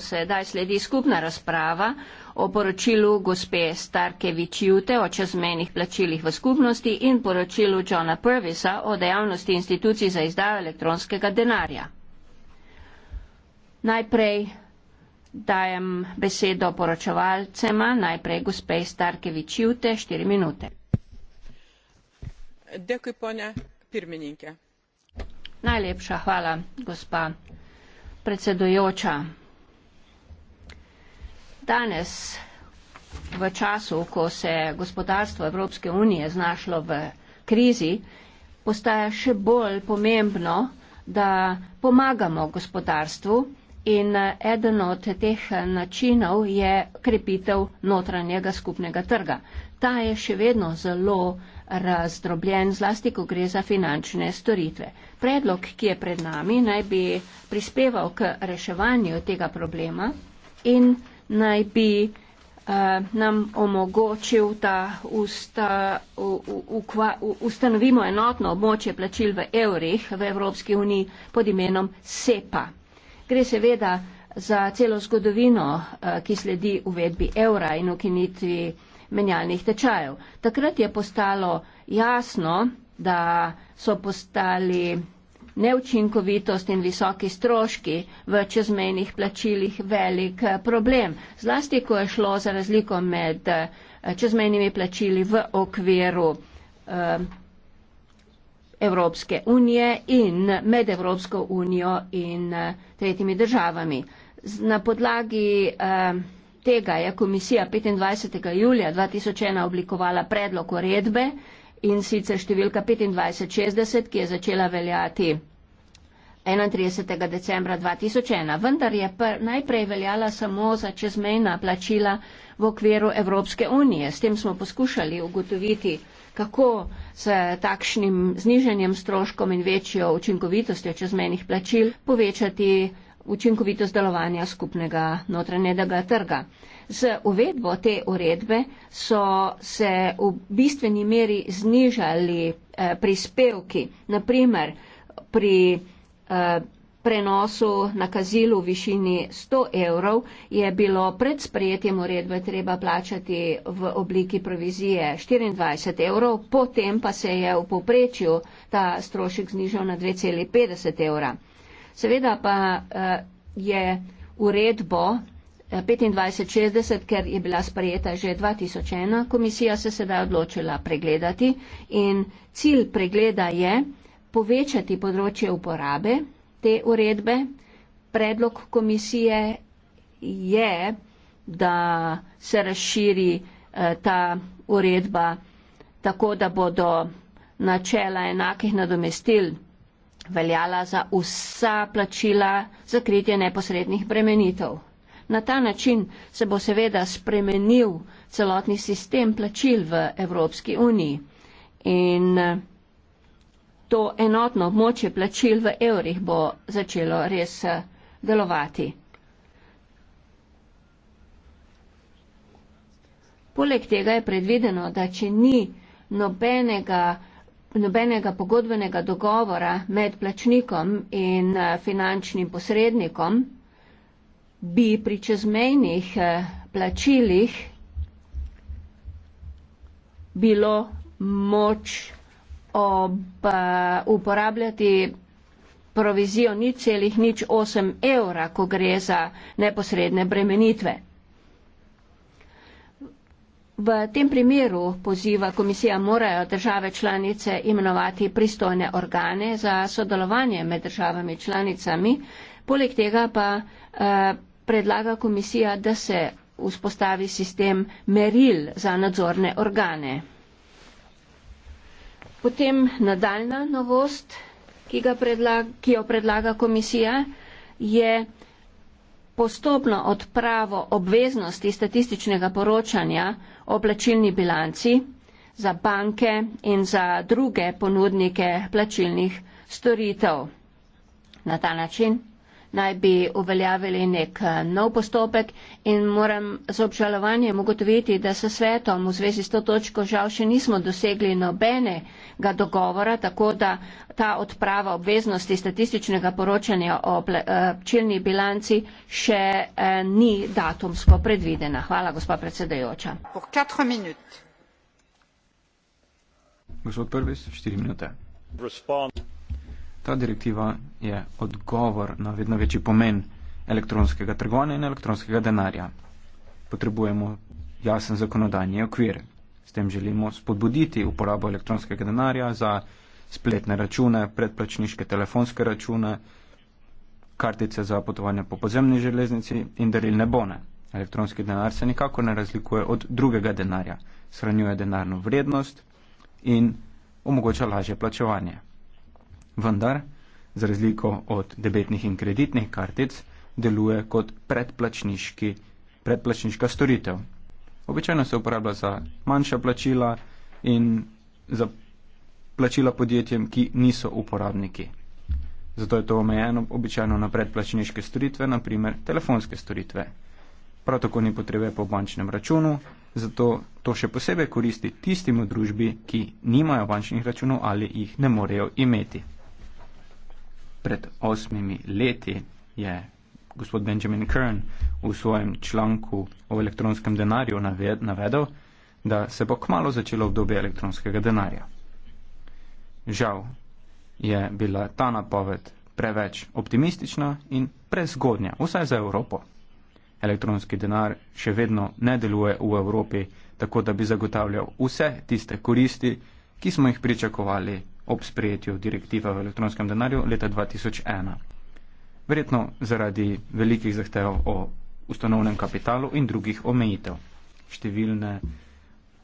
Sedaj sledi skupna razprava o poročilu gospe Starkevič Jute o čezmenih plačilih v skupnosti in poročilu Johna Purvisa o dejavnosti institucij za izdajo elektronskega denarja. Najprej dajem besedo poročevalcema, najprej gospe Starkevič Jute, štiri minute. Dekuj, ponja, Najlepša hvala, gospa predsedujoča. Danes, v času, ko se je gospodarstvo Evropske unije znašlo v krizi, postaja še bolj pomembno, da pomagamo gospodarstvu in eden od teh načinov je krepitev notranjega skupnega trga. Ta je še vedno zelo razdrobljen, zlasti ko gre za finančne storitve. Predlog, ki je pred nami, naj bi prispeval k reševanju tega problema in naj bi eh, nam omogočil, da usta, u, u, ukva, u, ustanovimo enotno območje plačil v evrih v Evropski uniji pod imenom SEPA. Gre seveda za celo zgodovino, eh, ki sledi uvedbi evra in ukinitvi menjalnih tečajev. Takrat je postalo jasno, da so postali neučinkovitost in visoki stroški v čezmejnih plačilih velik eh, problem. Zlasti, ko je šlo za razliko med eh, čezmejnimi plačili v okviru eh, Evropske unije in med Evropsko unijo in tretjimi državami. Na podlagi tega je komisija 25. julija 2001 oblikovala predlog uredbe, in sicer številka 2560, ki je začela veljati 31. decembra 2001, vendar je najprej veljala samo za čezmejna plačila v okviru Evropske unije. S tem smo poskušali ugotoviti, kako s takšnim zniženjem stroškom in večjo učinkovitostjo čezmejnih plačil povečati učinkovitost delovanja skupnega notranjega trga. Z uvedbo te uredbe so se v bistveni meri znižali eh, prispevki, naprimer pri eh, prenosu nakazilu v višini 100 evrov je bilo pred sprejetjem uredbe treba plačati v obliki provizije 24 evrov, potem pa se je v povprečju ta strošek znižal na 2,50 evra. Seveda pa eh, je uredbo 2560, ker je bila sprejeta že 2001, komisija se sedaj odločila pregledati in cilj pregleda je povečati področje uporabe te uredbe. Predlog komisije je, da se razširi eh, ta uredba tako, da bodo načela enakih nadomestil veljala za vsa plačila za kritje neposrednih bremenitev Na ta način se bo seveda spremenil celotni sistem plačil v Evropski uniji. In eh, to enotno območje plačil v evrih bo začelo res eh, delovati. Poleg tega je predvideno, da če ni nobenega, nobenega pogodbenega dogovora med plačnikom in eh, finančnim posrednikom, bi pri čezmejnih eh, plačilih bilo moč ob, uh, uporabljati provizijo nič celih nič osem evra, ko gre za neposredne bremenitve. V tem primeru poziva komisija morajo države članice imenovati pristojne organe za sodelovanje med državami članicami, poleg tega pa uh, predlaga komisija, da se vzpostavi sistem meril za nadzorne organe. Potem nadaljna novost, ki, predlaga, ki jo predlaga komisija, je postopno odpravo obveznosti statističnega poročanja o plačilni bilanci za banke in za druge ponudnike plačilnih storitev. Na ta način naj bi uveljavili nek eh, nov postopek in moram z obžalovanjem ugotoviti, da se svetom v zvezi s to točko žal še nismo dosegli nobenega dogovora, tako da ta odprava obveznosti statističnega poročanja o pčelni eh, bilanci še eh, ni datumsko predvidena. Hvala, gospa predsedajoča. Gospod Prvis, štiri minute. Respond. Ta direktiva je odgovor na vedno večji pomen elektronskega trgovanja in elektronskega denarja. Potrebujemo jasen zakonodajni okvir. S tem želimo spodbuditi uporabo elektronskega denarja za spletne račune, predplačniške telefonske račune, kartice za potovanje po podzemni železnici in darilne bone. Elektronski denar se nikako ne razlikuje od drugega denarja. Shranjuje denarno vrednost in omogoča lažje plačevanje vendar za razliko od debetnih in kreditnih kartic deluje kot predplačniška storitev. Običajno se uporablja za manjša plačila in za plačila podjetjem, ki niso uporabniki. Zato je to omejeno običajno na predplačniške storitve, naprimer telefonske storitve. Prav tako ni potrebe po bančnem računu, zato to še posebej koristi tistim v družbi, ki nimajo bančnih računov ali jih ne morejo imeti pred osmimi leti je gospod Benjamin Kern v svojem članku o elektronskem denarju navedel, da se bo kmalo začelo obdobje elektronskega denarja. Žal je bila ta napoved preveč optimistična in prezgodnja, vsaj za Evropo. Elektronski denar še vedno ne deluje v Evropi tako, da bi zagotavljal vse tiste koristi, ki smo jih pričakovali ob sprejetju direktive o elektronskem denarju leta 2001. Verjetno zaradi velikih zahtev o ustanovnem kapitalu in drugih omejitev. Številne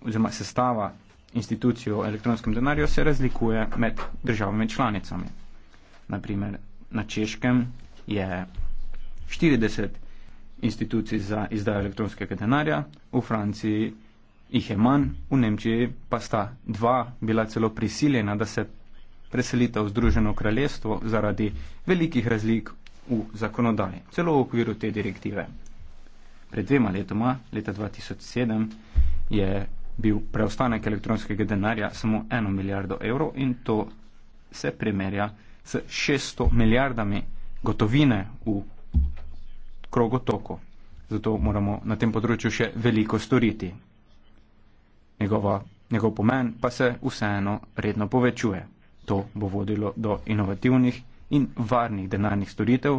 oziroma sestava institucij o elektronskem denarju se razlikuje med državami članicami. Naprimer, na Češkem je 40 institucij za izdajo elektronskega denarja, v Franciji jih je manj, v Nemčiji pa sta dva bila celo prisiljena, da se preselita v Združeno kraljestvo zaradi velikih razlik v zakonodaji, celo v okviru te direktive. Pred dvema letoma, leta 2007, je bil preostanek elektronskega denarja samo eno milijardo evrov in to se primerja s 600 milijardami gotovine v krogotoku. Zato moramo na tem področju še veliko storiti njegova, njegov pomen pa se vseeno redno povečuje. To bo vodilo do inovativnih in varnih denarnih storitev,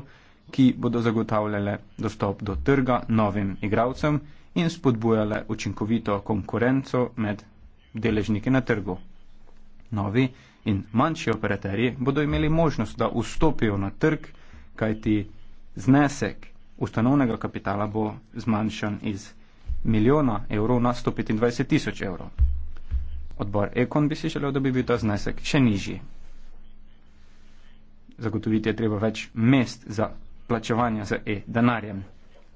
ki bodo zagotavljale dostop do trga novim igralcem in spodbujale učinkovito konkurenco med deležniki na trgu. Novi in manjši operaterji bodo imeli možnost, da vstopijo na trg, kajti znesek ustanovnega kapitala bo zmanjšan iz milijona evrov na 125 tisoč evrov. Odbor Ekon bi si želel, da bi bil ta znesek še nižji. Zagotoviti je treba več mest za plačevanje z e-denarjem.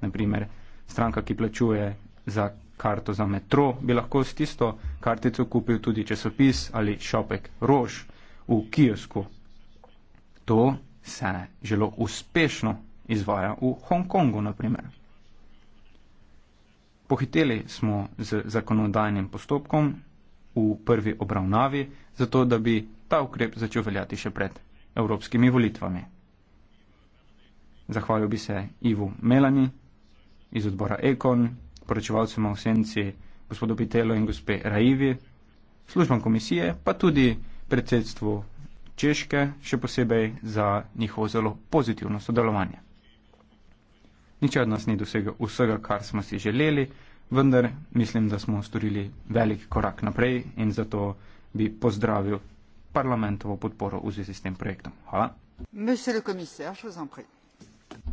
Naprimer, stranka, ki plačuje za karto za metro, bi lahko s tisto kartico kupil tudi časopis ali šopek rož v kiosku. To se zelo uspešno izvaja v Hongkongu, naprimer. Pohiteli smo z zakonodajnim postopkom v prvi obravnavi, zato da bi ta ukrep začel veljati še pred evropskimi volitvami. Zahvalil bi se Ivu Melani iz odbora Ekon, poročevalcema v senci gospodu Pitelo in gospe Raivi, službam komisije, pa tudi predsedstvu Češke, še posebej za njihovo zelo pozitivno sodelovanje. Nič od nas ni dosegel vsega, kar smo si želeli, vendar mislim, da smo storili velik korak naprej in zato bi pozdravil parlamentovo podporo v zvezi s tem projektom. Hvala.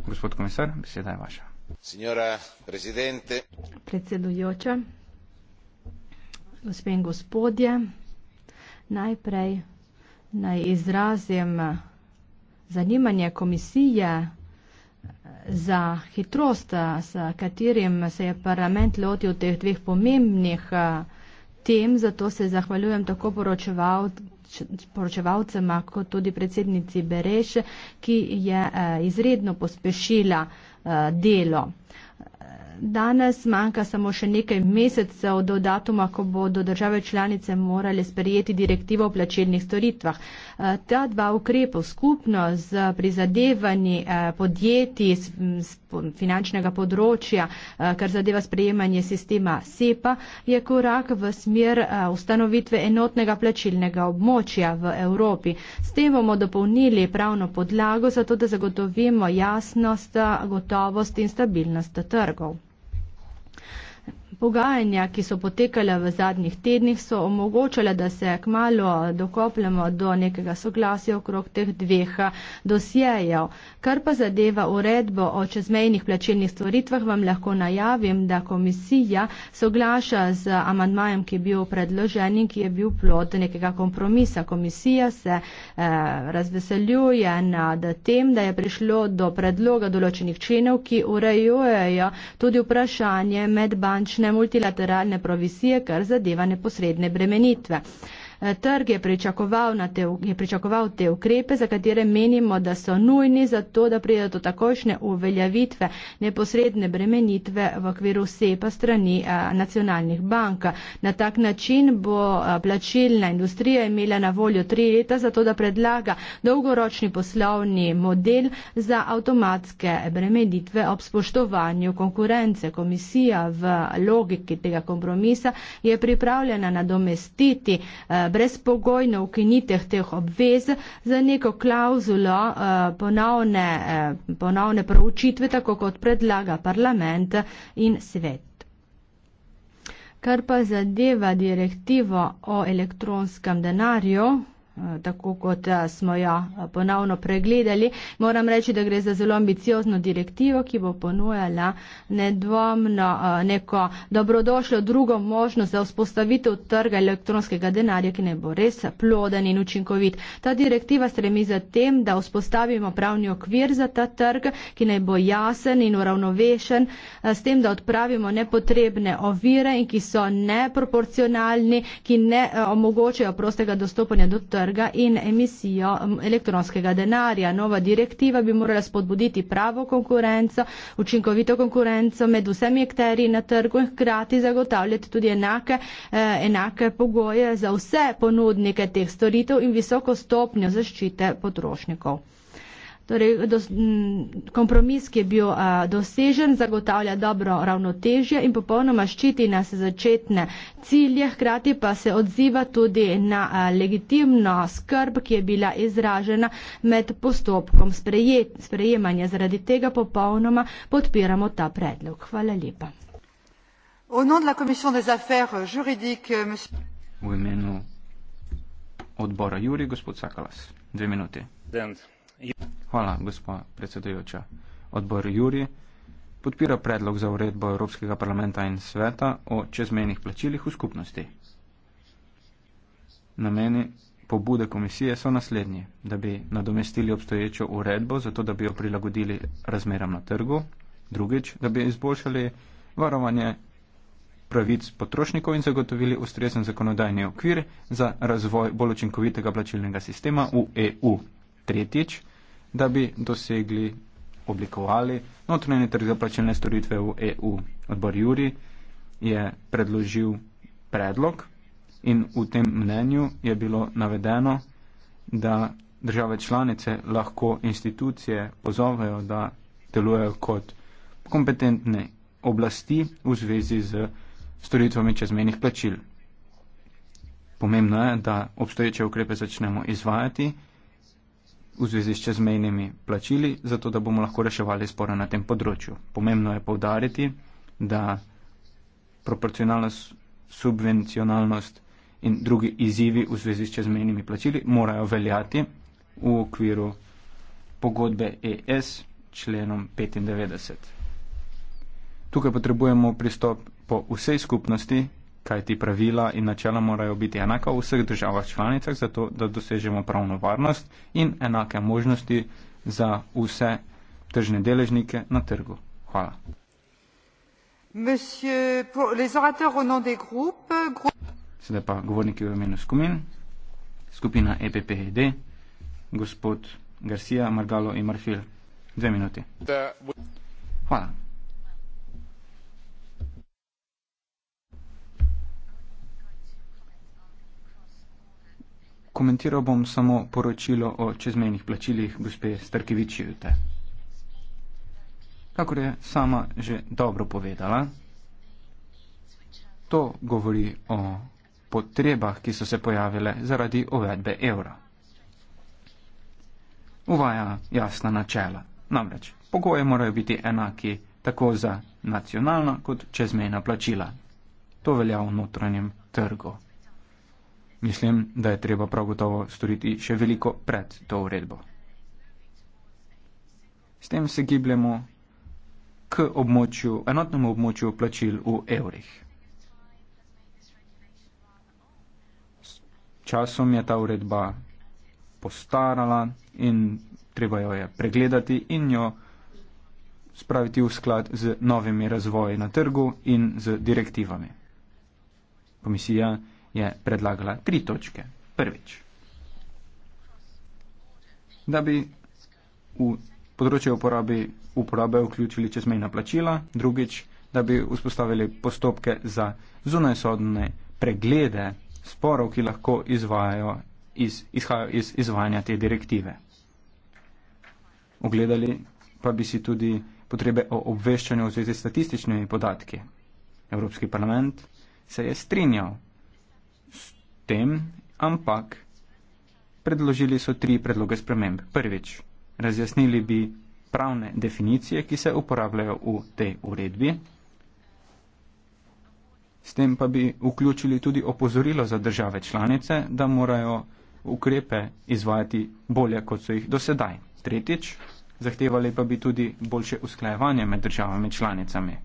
Gospod komisar, beseda je vaša. Predsedujoča, gospe in gospodje, najprej naj izrazim zanimanje komisije za hitrost, s katerim se je parlament lotil teh dveh pomembnih eh, tem, zato se zahvaljujem tako poročevalcema kot tudi predsednici Bereš, ki je eh, izredno pospešila eh, delo. Danes manjka samo še nekaj mesecev do datuma, ko bodo države članice morali sprejeti direktivo o plačilnih storitvah. Eh, ta dva ukrepa skupno z prizadevanji eh, podjetij z finančnega področja, eh, kar zadeva sprejemanje sistema SEPA, je korak v smer ustanovitve enotnega plačilnega območja v Evropi. S tem bomo dopolnili pravno podlago za to, da zagotovimo jasnost, gotovost in stabilnost trgov. Pogajanja, ki so potekala v zadnjih tednih, so omogočala, da se kmalo dokopljamo do nekega soglasja okrog teh dveh dosjejev. Kar pa zadeva uredbo o čezmejnih plačilnih stvoritvah, vam lahko najavim, da komisija soglaša z amandmajem, ki je bil predložen in ki je bil plod nekega kompromisa. Komisija se eh, razveseljuje nad tem, da je prišlo do predloga določenih členov, ki urejujejo tudi vprašanje medbančne multilateralne provisije, kar zadeva neposredne bremenitve. Eh, trg je pričakoval, na te, je pričakoval te ukrepe, za katere menimo, da so nujni za to, da pride do takošne uveljavitve neposredne bremenitve v okviru SEPA strani eh, nacionalnih bank. Na tak način bo eh, plačilna industrija imela na voljo tri leta za to, da predlaga dolgoročni poslovni model za avtomatske bremenitve ob spoštovanju konkurence. Komisija v logiki tega kompromisa je pripravljena nadomestiti brezpogojno ukinitev teh obvez za neko klauzulo eh, ponovne, eh, ponovne proučitve, tako kot predlaga parlament in svet. Kar pa zadeva direktivo o elektronskem denarju, tako kot eh, smo jo eh, ponovno pregledali. Moram reči, da gre za zelo ambiciozno direktivo, ki bo ponujala nedvomno eh, neko dobrodošlo drugo možnost za vzpostavitev trga elektronskega denarja, ki ne bo res ploden in učinkovit. Ta direktiva stremi za tem, da vzpostavimo pravni okvir za ta trg, ki ne bo jasen in uravnovešen, s tem, da odpravimo nepotrebne ovire in ki so neproporcionalni, ki ne omogočajo prostega dostopanja do trga trga in emisijo elektronskega denarja. Nova direktiva bi morala spodbuditi pravo konkurenco, učinkovito konkurenco med vsemi akteri na trgu in hkrati zagotavljati tudi enake, eh, enake pogoje za vse ponudnike teh storitev in visoko stopnjo zaščite potrošnikov. Torej, do, m, kompromis, ki je bil a, dosežen, zagotavlja dobro ravnotežje in popolnoma ščiti nas začetne cilje, hkrati pa se odziva tudi na a, legitimno skrb, ki je bila izražena med postopkom sprejet, sprejemanja. Zaradi tega popolnoma podpiramo ta predlog. Hvala lepa. V imenu odbora Juri, gospod Sakalas. Dve minuti. Dan. Hvala, gospod predsedujoča. Odbor Juri podpira predlog za uredbo Evropskega parlamenta in sveta o čezmejnih plačilih v skupnosti. Nameni pobude komisije so naslednji, da bi nadomestili obstoječo uredbo, zato da bi jo prilagodili razmeram na trgu, drugič, da bi izboljšali varovanje pravic potrošnikov in zagotovili ustrezen zakonodajni okvir za razvoj bolj učinkovitega plačilnega sistema v EU. Tretjič, da bi dosegli oblikovali notranje trg za plačilne storitve v EU. Odbor Juri je predložil predlog in v tem mnenju je bilo navedeno, da države članice lahko institucije pozovejo, da delujejo kot kompetentne oblasti v zvezi z storitvami čezmenih plačil. Pomembno je, da obstoječe ukrepe začnemo izvajati v zvezi s čezmejnimi plačili, zato da bomo lahko reševali spore na tem področju. Pomembno je povdariti, da proporcionalnost, subvencionalnost in drugi izzivi v zvezi s čezmejnimi plačili morajo veljati v okviru pogodbe ES členom 95. Tukaj potrebujemo pristop po vsej skupnosti kaj ti pravila in načela morajo biti enaka v vseh državah članicah, zato da dosežemo pravno varnost in enake možnosti za vse tržne deležnike na trgu. Hvala. Sedaj pa govorniki v imenu skupin, skupina EPPED, gospod Garcia, Margalo in Marfil. Dve minuti. Hvala. komentiral bom samo poročilo o čezmenih plačilih gospe Starkevičjute. Kakor je sama že dobro povedala, to govori o potrebah, ki so se pojavile zaradi uvedbe evra. Uvaja jasna načela. Namreč, pogoje morajo biti enaki tako za nacionalna kot čezmejna plačila. To velja v notranjem trgu. Mislim, da je treba prav gotovo storiti še veliko pred to uredbo. S tem se gibljemo k območju, enotnemu območju plačil v evrih. S časom je ta uredba postarala in treba jo je pregledati in jo spraviti v sklad z novimi razvoji na trgu in z direktivami. Komisija je predlagala tri točke. Prvič, da bi v področje uporabe, uporabe vključili čezmejna plačila, drugič, da bi vzpostavili postopke za zunajsodne preglede sporov, ki lahko izvajajo iz, izhajajo iz izvajanja te direktive. Ogledali pa bi si tudi potrebe o obveščanju v zvezi s statističnimi podatki. Evropski parlament se je strinjal tem, ampak predložili so tri predloge sprememb. Prvič, razjasnili bi pravne definicije, ki se uporabljajo v tej uredbi. S tem pa bi vključili tudi opozorilo za države članice, da morajo ukrepe izvajati bolje, kot so jih dosedaj. Tretjič, zahtevali pa bi tudi boljše usklajevanje med državami članicami.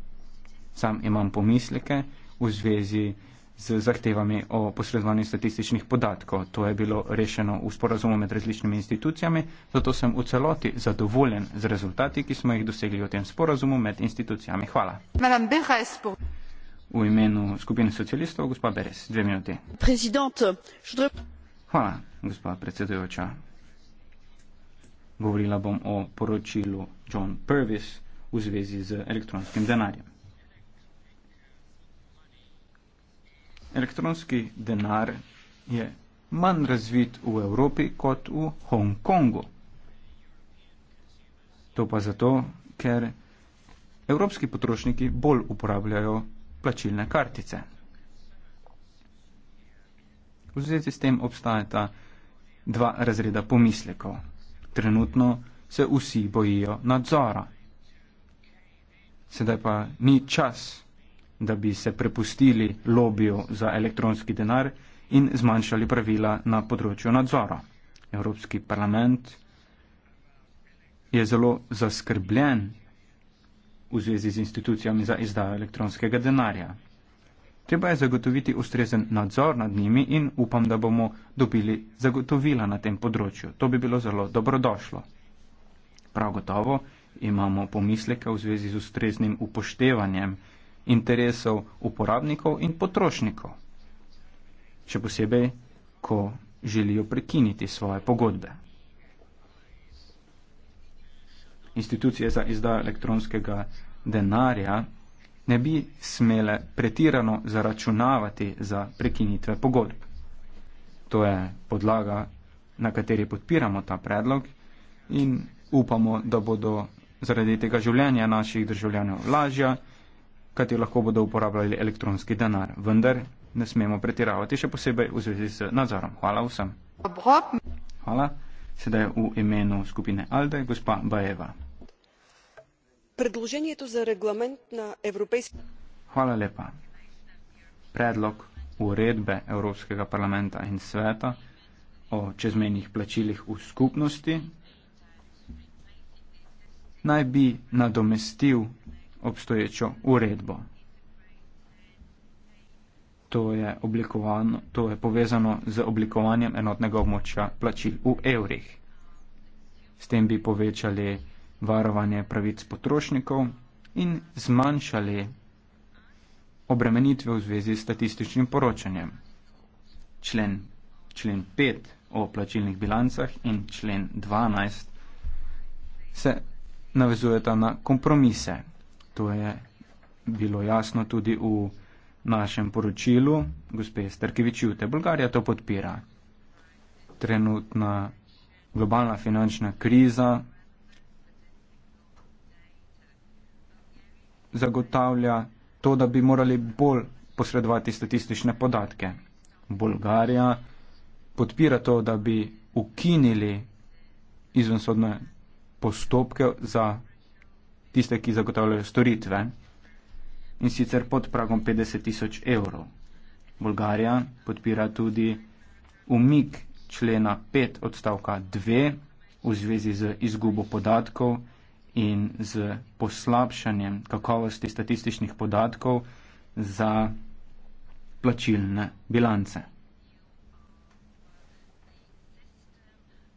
Sam imam pomisleke v zvezi z zahtevami o posredovanju statističnih podatkov. To je bilo rešeno v sporazumu med različnimi institucijami, zato sem v celoti zadovoljen z rezultati, ki smo jih dosegli v tem sporazumu med institucijami. Hvala. V imenu skupine socialistov, gospod Beres, dve minuti. Hvala, gospod predsedujoča. Govorila bom o poročilu John Purvis v zvezi z elektronskim denarjem. Elektronski denar je manj razvit v Evropi kot v Hongkongu. To pa zato, ker evropski potrošniki bolj uporabljajo plačilne kartice. V zvezi s tem obstajata dva razreda pomislekov. Trenutno se vsi bojijo nadzora. Sedaj pa ni čas da bi se prepustili lobiju za elektronski denar in zmanjšali pravila na področju nadzora. Evropski parlament je zelo zaskrbljen v zvezi z institucijami za izdajo elektronskega denarja. Treba je zagotoviti ustrezen nadzor nad njimi in upam, da bomo dobili zagotovila na tem področju. To bi bilo zelo dobrodošlo. Prav gotovo imamo pomisleke v zvezi z ustreznim upoštevanjem interesov uporabnikov in potrošnikov, še posebej, ko želijo prekiniti svoje pogodbe. Institucije za izdajo elektronskega denarja ne bi smele pretirano zaračunavati za prekinitve pogodb. To je podlaga, na kateri podpiramo ta predlog in upamo, da bodo zaradi tega življenja naših državljanov lažja kajti lahko bodo uporabljali elektronski denar. Vendar ne smemo pretiravati, še posebej v zvezi z nadzorom. Hvala vsem. Hvala. Sedaj je v imenu skupine Alde gospa Bajeva. Predloženje je to za reglament na evropejski. Hvala lepa. Predlog uredbe Evropskega parlamenta in sveta o čezmenjih plačilih v skupnosti naj bi nadomestil obstoječo uredbo. To je, to je povezano z oblikovanjem enotnega območja plačil v evrih. S tem bi povečali varovanje pravic potrošnikov in zmanjšali obremenitve v zvezi s statističnim poročanjem. Člen, člen 5 o plačilnih bilancah in člen 12 se navezujeta na kompromise. To je bilo jasno tudi v našem poročilu gospe Starkeviči, da Bolgarija to podpira. Trenutna globalna finančna kriza zagotavlja to, da bi morali bolj posredovati statistične podatke. Bolgarija podpira to, da bi ukinili izvensodne postopke za tiste, ki zagotavljajo storitve in sicer pod pragom 50 tisoč evrov. Bolgarija podpira tudi umik člena 5 odstavka 2 v zvezi z izgubo podatkov in z poslabšanjem kakovosti statističnih podatkov za plačilne bilance.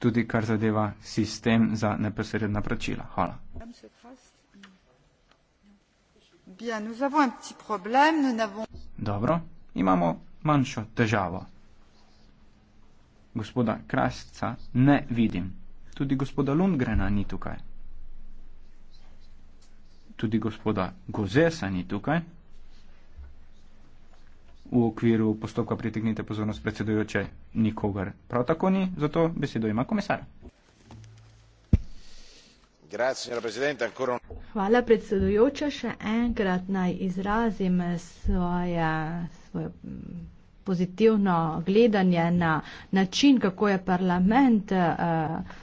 Tudi kar zadeva sistem za neposredna plačila. Hvala. Hvala. Bien, nous avons un petit problème, nous n'avons... Dobro, imamo manjšo težavo. Gospoda Krasca ne vidim. Tudi gospoda Lundgrena ni tukaj. Tudi gospoda Gozesa ni tukaj. V okviru postopka pritegnite pozornost predsedujoče nikogar. Prav tako ni, zato besedo ima komisar. Hvala predsedujoča, še enkrat naj izrazim svoje, svoje pozitivno gledanje na način, kako je parlament uh,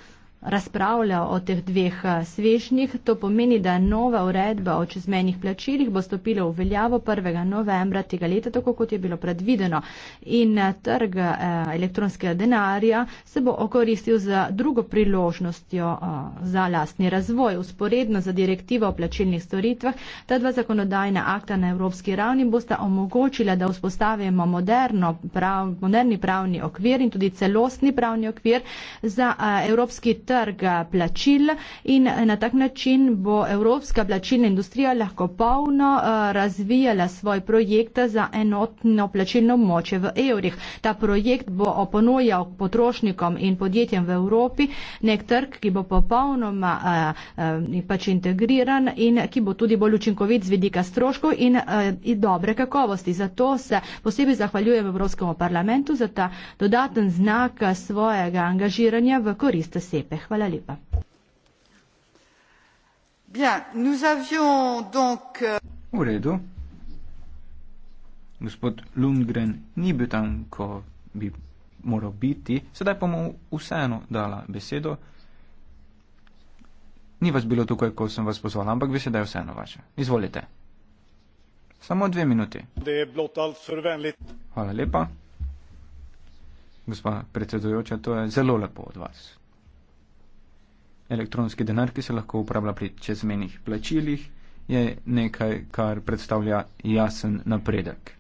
razpravlja o teh dveh eh, svežnjih. To pomeni, da nova uredba o čezmenjih plačilih bo stopila v veljavo 1. novembra tega leta, tako kot je bilo predvideno. In eh, trg eh, elektronskega denarja se bo okoristil za drugo priložnostjo za lastni razvoj. Usporedno za direktivo o plačilnih storitvah, ta dva zakonodajna akta na evropski ravni bosta omogočila, da vzpostavimo moderno, prav, moderni pravni okvir in tudi celostni pravni okvir za evropski trg trga plačil in na tak način bo evropska plačilna industrija lahko polno eh, razvijala svoj projekt za enotno plačilno moče v evrih. Ta projekt bo oponujal potrošnikom in podjetjem v Evropi nek trg, ki bo popolnoma eh, eh, pač integriran in ki bo tudi bolj učinkovit z vidika stroškov in, in dobre kakovosti. Zato se posebej zahvaljujem Evropskemu parlamentu za ta dodaten znak svojega angažiranja v korist sepeh. Hvala lepa. Euh, v redu. Gospod Lundgren ni bil tam, ko bi moral biti, sedaj pa mu vseeno dala besedo. Ni vas bilo tukaj, ko sem vas pozvala, ampak bi sedaj vseeno vaše. Izvolite. Samo dve minuti. Hvala lepa. Gospa predsedujoča, to je zelo lepo od vas elektronski denar, ki se lahko uporablja pri čezmenih plačilih, je nekaj, kar predstavlja jasen napredek.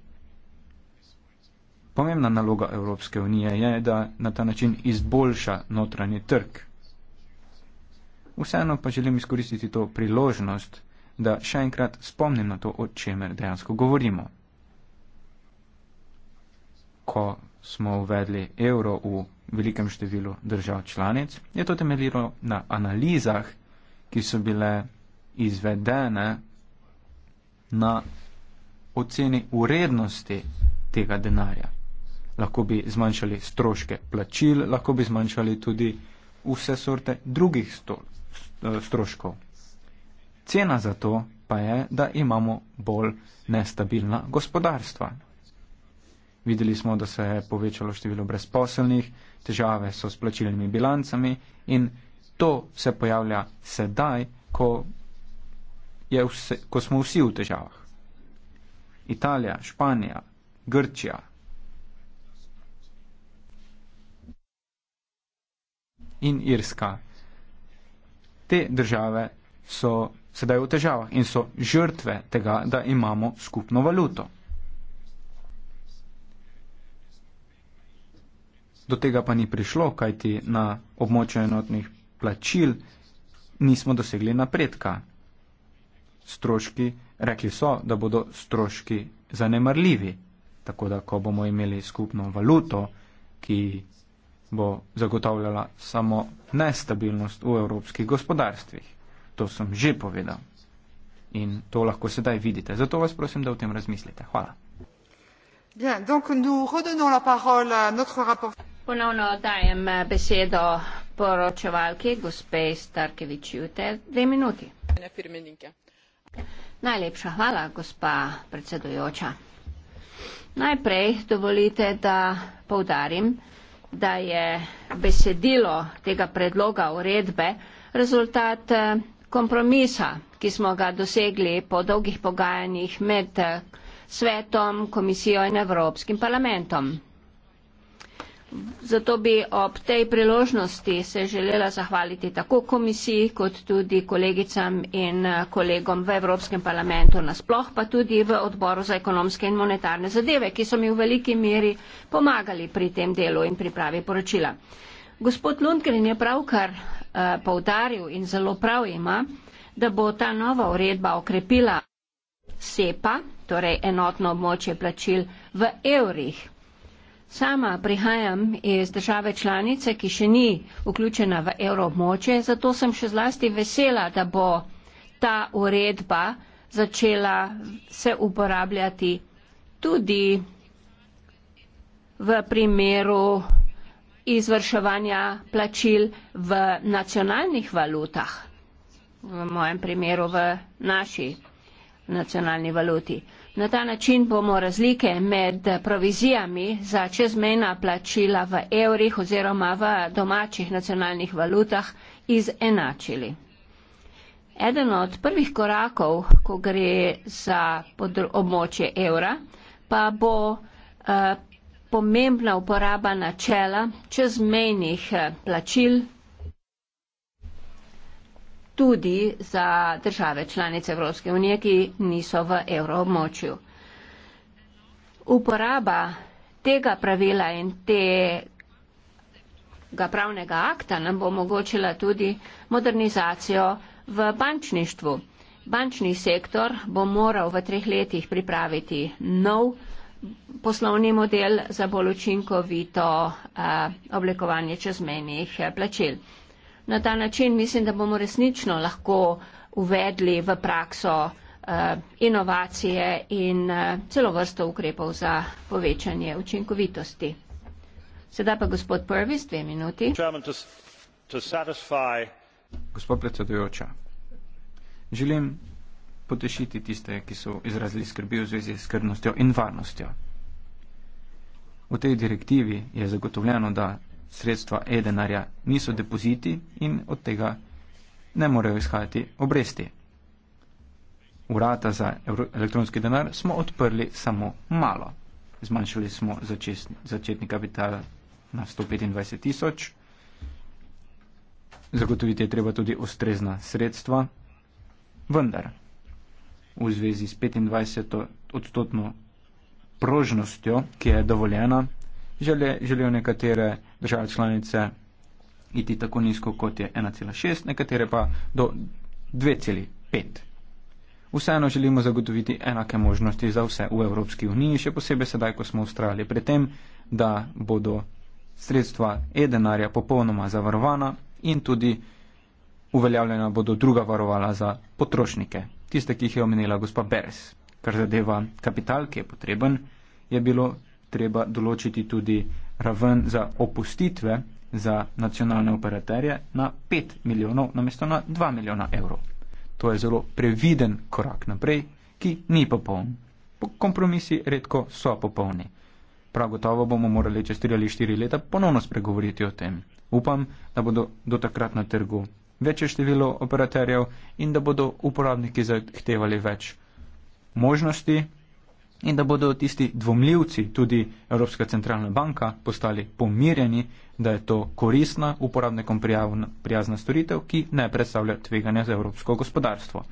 Pomembna naloga Evropske unije je, da na ta način izboljša notranji trg. Vseeno pa želim izkoristiti to priložnost, da še enkrat spomnim na to, o čemer dejansko govorimo. Ko smo uvedli evro v velikem številu držav članic, je to temeljilo na analizah, ki so bile izvedene na oceni urednosti tega denarja. Lahko bi zmanjšali stroške plačil, lahko bi zmanjšali tudi vse sorte drugih stroškov. Cena za to pa je, da imamo bolj nestabilna gospodarstva. Videli smo, da se je povečalo število brezposelnih, težave so s plačilnimi bilancami in to se pojavlja sedaj, ko, vse, ko smo vsi v težavah. Italija, Španija, Grčija. In Irska. Te države so sedaj v težavah in so žrtve tega, da imamo skupno valuto. Do tega pa ni prišlo, kajti na območju enotnih plačil nismo dosegli napredka. Stroški, rekli so, da bodo stroški zanemarljivi, tako da ko bomo imeli skupno valuto, ki bo zagotavljala samo nestabilnost v evropskih gospodarstvih. To sem že povedal in to lahko sedaj vidite. Zato vas prosim, da o tem razmislite. Hvala. Bien, donc nous redonnons la parole à notre rapporteur. Ponovno dajem eh, besedo poročevalki, gospe Starkevič Jute, dve minuti. Najlepša hvala, gospa predsedujoča. Najprej dovolite, da povdarim, da je besedilo tega predloga uredbe rezultat eh, kompromisa, ki smo ga dosegli po dolgih pogajanjih med eh, svetom, komisijo in Evropskim parlamentom. Zato bi ob tej priložnosti se želela zahvaliti tako komisiji kot tudi kolegicam in eh, kolegom v Evropskem parlamentu nasploh, pa tudi v odboru za ekonomske in monetarne zadeve, ki so mi v veliki meri pomagali pri tem delu in pripravi poročila. Gospod Lundgren je pravkar uh, eh, povdaril in zelo prav ima, da bo ta nova uredba okrepila SEPA, torej enotno območje plačil v evrih. Sama prihajam iz države članice, ki še ni vključena v evroobmoče, zato sem še zlasti vesela, da bo ta uredba začela se uporabljati tudi v primeru izvrševanja plačil v nacionalnih valutah, v mojem primeru v naši nacionalni valuti. Na ta način bomo razlike med provizijami za čezmena plačila v evrih oziroma v domačih nacionalnih valutah izenačili. Eden od prvih korakov, ko gre za območje evra, pa bo eh, pomembna uporaba načela čezmejnih eh, plačil tudi za države članice Evropske unije, ki niso v evroobmočju. Uporaba tega pravila in tega pravnega akta nam bo omogočila tudi modernizacijo v bančništvu. Bančni sektor bo moral v treh letih pripraviti nov poslovni model za bolj učinkovito a, eh, oblikovanje čezmenih eh, plačil na ta način mislim, da bomo resnično lahko uvedli v prakso eh, inovacije in eh, celo vrsto ukrepov za povečanje učinkovitosti. Sedaj pa gospod Prvi, dve minuti. Gospod predsedujoča, želim potešiti tiste, ki so izrazili skrbi v zvezi s skrbnostjo in varnostjo. V tej direktivi je zagotovljeno, da sredstva e-denarja niso depoziti in od tega ne morejo izhajati obresti. Urata za elektronski denar smo odprli samo malo. Zmanjšali smo začetni kapital na 125 tisoč. Zagotoviti je treba tudi ustrezna sredstva, vendar v zvezi s 25 odstotno prožnostjo, ki je dovoljena želijo nekatere države članice iti tako nizko, kot je 1,6, nekatere pa do 2,5. Vseeno želimo zagotoviti enake možnosti za vse v Evropski uniji, še posebej sedaj, ko smo ustrajali pri tem, da bodo sredstva e-denarja popolnoma zavarovana in tudi uveljavljena bodo druga varovala za potrošnike, tiste, ki jih je omenila gospa Beres. Kar zadeva kapital, ki je potreben, je bilo treba določiti tudi raven za opustitve za nacionalne operaterje na 5 milijonov namesto na 2 milijona evrov. To je zelo previden korak naprej, ki ni popoln. Kompromisi redko so popolni. Prav gotovo bomo morali čez 3 ali 4 leta ponovno spregovoriti o tem. Upam, da bodo do takrat na trgu večje število operaterjev in da bodo uporabniki zahtevali več možnosti, in da bodo tisti dvomljivci, tudi Evropska centralna banka, postali pomirjeni, da je to korisna, uporabnikom prijazna storitev, ki ne predstavlja tveganja za evropsko gospodarstvo.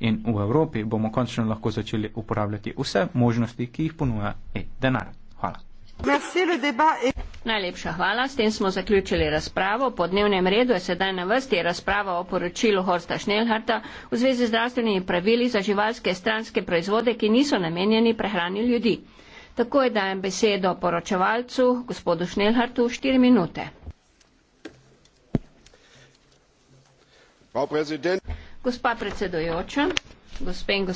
In v Evropi bomo končno lahko začeli uporabljati vse možnosti, ki jih ponuja e-denar. Hvala. Najlepša hvala. S tem smo zaključili razpravo. Po dnevnem redu je sedaj na vrsti razprava o poročilu Horsta Schnellharta v zvezi z zdravstvenimi pravili za živalske stranske proizvode, ki niso namenjeni prehrani ljudi. Takoj dajem besedo poročevalcu, gospodu Schnellhartu, štiri minute. Gospa predsedujoča, gospe in gospodje.